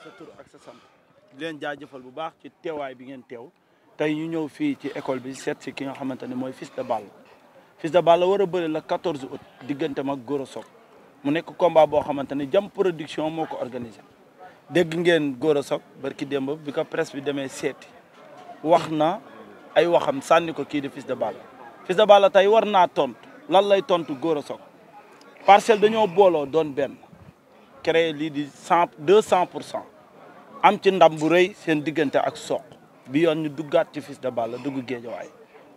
sa tur ak sa sant di jaajëfal bu baax ci teewaay bi ngeen teew tey ñu ñëw fii ci école bi seet si ki nga xamante ne mooy Fils de Balla Fils de Balla war a bëri la 14 août diggante ak Gora Sock mu nekk combat boo xamante ne jam production moo ko organisé dégg ngeen Gora Sock barki démb bi ko presse bi demee seeti wax na ay waxam sànni ko kii di Fils de Balla Fils de Balla tey war naa tont lan lay tontu Gora Sock parcelle dañoo booloo doon benn créé lii di cent deux cent pour cent am ci ndam bu rëy seen diggante ak soq bi yoon ñu duggaat ci Fils de Balla dugg géejawaay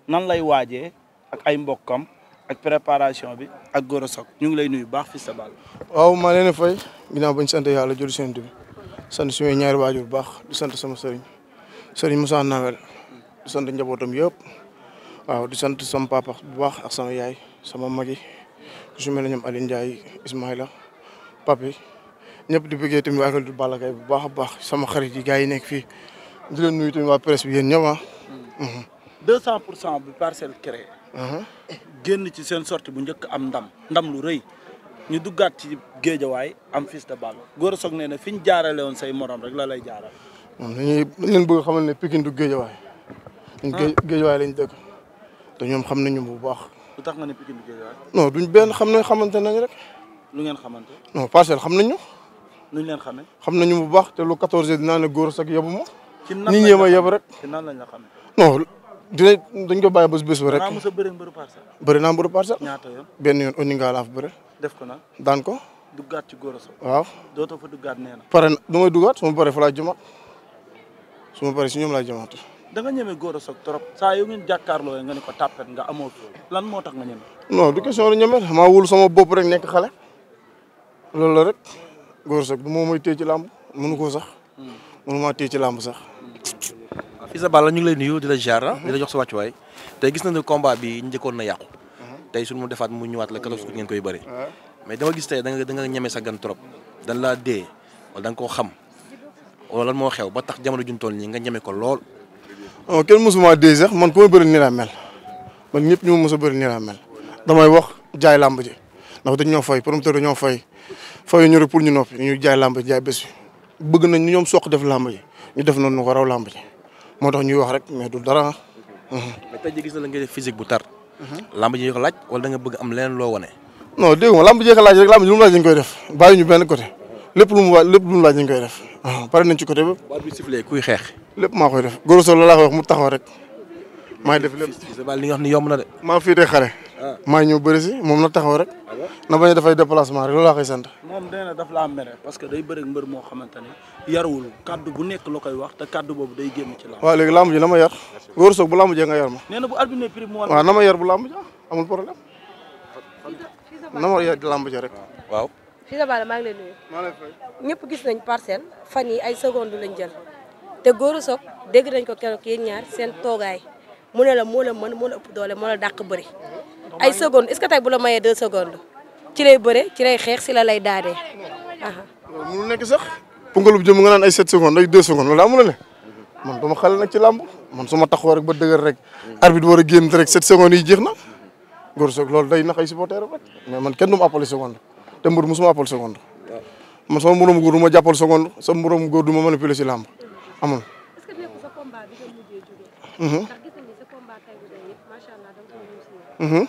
nan lay waajee ak ay mbokkam ak préparation bi ak Gora Sock ñu ngi lay nuyu baax Fils de Balla waaw maa leen fay ginnaaw bañ sant yàlla jël seen bi sant suñu ñaari waajur bu baax di sant sama sëriñ sëriñ Moussa Nawel di sant njabootam yëpp waaw di sant sama papa bu baax ak sama yaay sama magi su mel ne ñoom Aliou Ndiaye Papi ñëpp di bëggee tamit waa Kër Balla Gaye bu baax a baax sama xarit yi gars yi nekk fii di leen nuyu tamit waa presse bi yéen ñëpp ah. 200 hmm. pour cent bu parcelle créé. Uh-huh. génn ci seen sortie bu njëkk am ndam ndam lu rëy ñu duggaat ci géejawaay am Fils de Balla Gora Sock nee na fi ñu jaarale woon say morom rek la lay jaaral. moom dañuy dañ leen bëgg xamal ne Pikine du géejawaay. Ah. géej géejawaay lañ dëkk te ñoom xam nañu bu baax. lu tax nga ne Pikine du géejawaay. non duñ benn xam nañ xamante nañ rek. lu ngeen xamante. non parcelle xam na ñu. nuñ leen xamee. xam bu baax te lu 14 dinaa ne góor sax yóbbu ma. ci nan lañ la yóbbu rek. ci nan lañ la xamee. non dinañ dañ ko bàyyi bés bés bu rek. a bëri mbëru parcelle. bëri naa mbëru parcelle. ñaata yoon benn yoon oninga laa ko nag daan ko. duggaat ci góor a soog. waaw dootoo nee na. pare na du may duggaat su ma paree fa laa jëmaat su ma paree si ñoom laa jëmaat. da nga ñeme góor a soog trop saa yu ngeen jàkkaarloo nga ne ko tàppet nga amoo lan moo tax nga ñeme. non du question la ñeme maa wul sama bopp rek nekk xale loolu la rek góor sax du moom mooy téye ci làmb mënu koo sax. Hmm. mënu maa téye ci làmb sax. Hmm. Fils de Balla ñu ngi lay nuyu di la jaar di la jox sa wàccuwaay tey gis nañu combat bi njëkkoon na yàqu. Hmm. tey suñu mu defaat mu ñëwaat la kàlla ngeen koy bëri. mais dama gis tey da nga da nga ñeme sa gan trop. dan laa dee wala koo xam wala moo xew ba tax jamono juñ toll nii nga ñeme ko lool. non kenn mësuma dee sax man koo ma bëri nii laa mel man ñëpp ñu ma mës a bëri nii laa mel damay wax jaay làmb ji ndax dañ ñoo fay promoteur dañoo fay fayu ñu rek pour ñu noppi ñu jaay làmb ji jaay bés bi bëgg nañ ñoom soq def làmb ji ñu def noonu nu ko raw làmb moo tax ñuy wax rek mais du dara. mais tey jii gis na def physique bu tar. làmb ji ko laaj wala da bëgg am leneen loo wane. non dégg nga làmb ji ko laaj rek làmb ji lu koy def bàyyi ñu benn côté lépp lu mu lépp lu mu laaj dañ koy def waaw ah, pare ci côté ba. baat bi sifflé lépp maa koy def Goro Sow la mu taxaw rek maay def lépp. li nga xam ne yomb na de. maa fii de xare. Ah. maa ñëw bëri si moom na taxaw rek. na bañ a dafay déplacement rek loolu laa koy sant. moom nee na daf laa mere parce que day bëri mbër moo xamante ne yarul kaddu bu nekk la koy wax te kaddu boobu day génn ci lamb. waaw léegi lamb ji na ma yar. wóor soog bu lamb jee nga yar ma. na bu ma ñëpp gis nañ parcelle fan yi ay seconde lañ jël te góor soog dégg nañ ko keroog yéen ñaar seen toogaay mu ne la moo la mën moo la ëpp doole moo la dàq bëri ay seconde est que tey bu la mayee deux secondes ci lay bëre ci lay xeex si la lay daadee. loolu mënul nekk sax. pungalub jëm nga naan ay 7 secondes ay 2 secondes loolu daa mun a ne man dama xale nag ci làmb man su ma taxawoo rek ba dëgër rek. arbitre war a rek set secondes yi jeex na. góor soog loolu day nax ay supporter rek mais man kenn du ma appelé seconde te mbër musuma appelé seconde. man sama moroom góor du ma jàppal seconde sama moroom góor du ma manipuler si làmb amul. est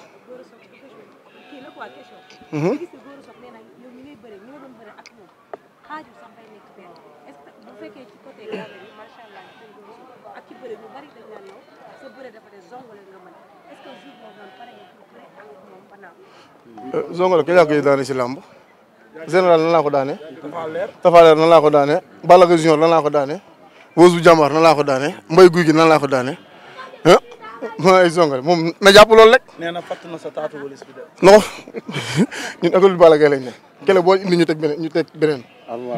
Mhm. Zongale kañ laa koy daane si làmb général nan laa ko daane. Tafaleer nan laa ko daane. Balla Gaye Junior nan laa ko daane. Woosu Jàmbaar nan laa ko daane. Mbay Guy gi nan laa ko daane. mooy zongale moom na jàpp loolu rek. nee na fàtt na sa taatu wëlis de. kele boo indi ñu teg beneen ñu teg beneen.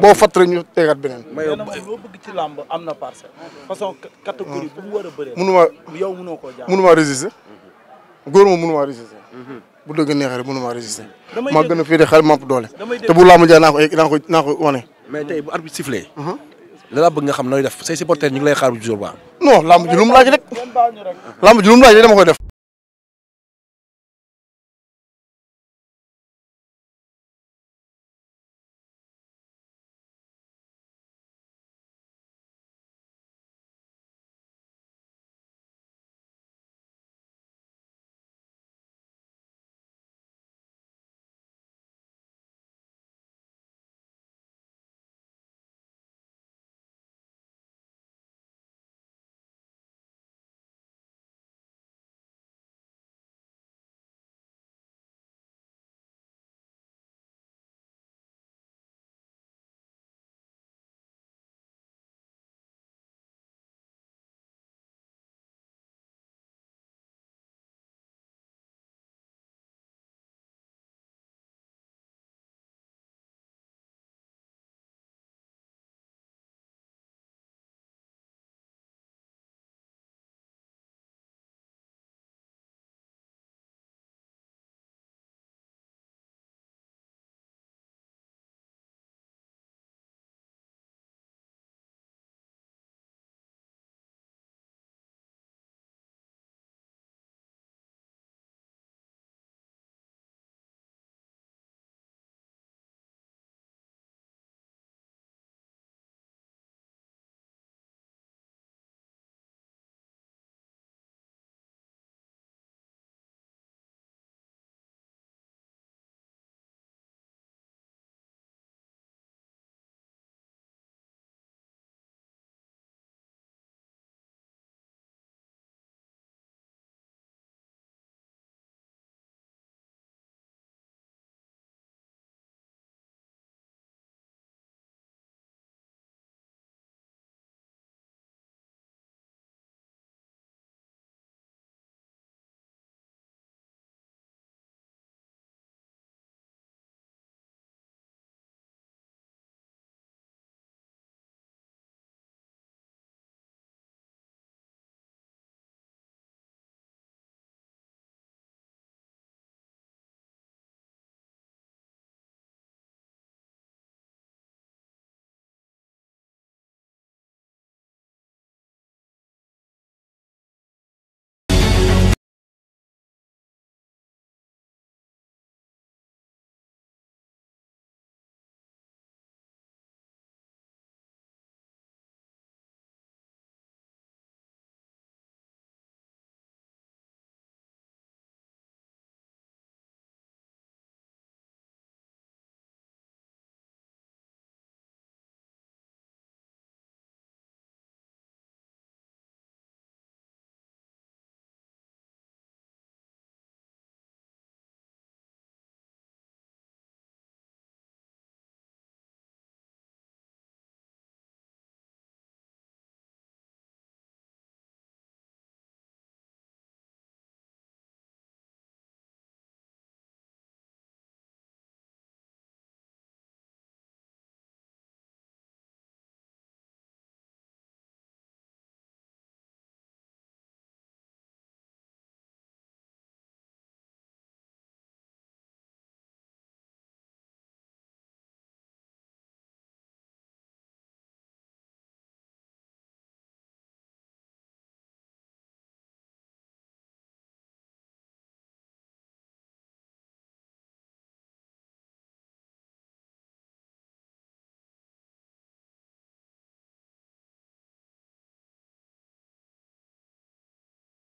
boo fàtt rek ñu tegaat beneen. mais yow loo bëgg ci làmb am na parcelle. a bëree. mënuma yow mënoo koo jàpp góor moom mënuma résister. bu dëgg neexee rek mënuma résister. gën a féete de ma ëpp doole. te bu làmb jaay naa wane. mais uh-huh. la bëgg nga xam nooy def say supporters ñu lay xaar bu jour ba. non làmb ji lu mu lamb ji lu mu laaj dama koy def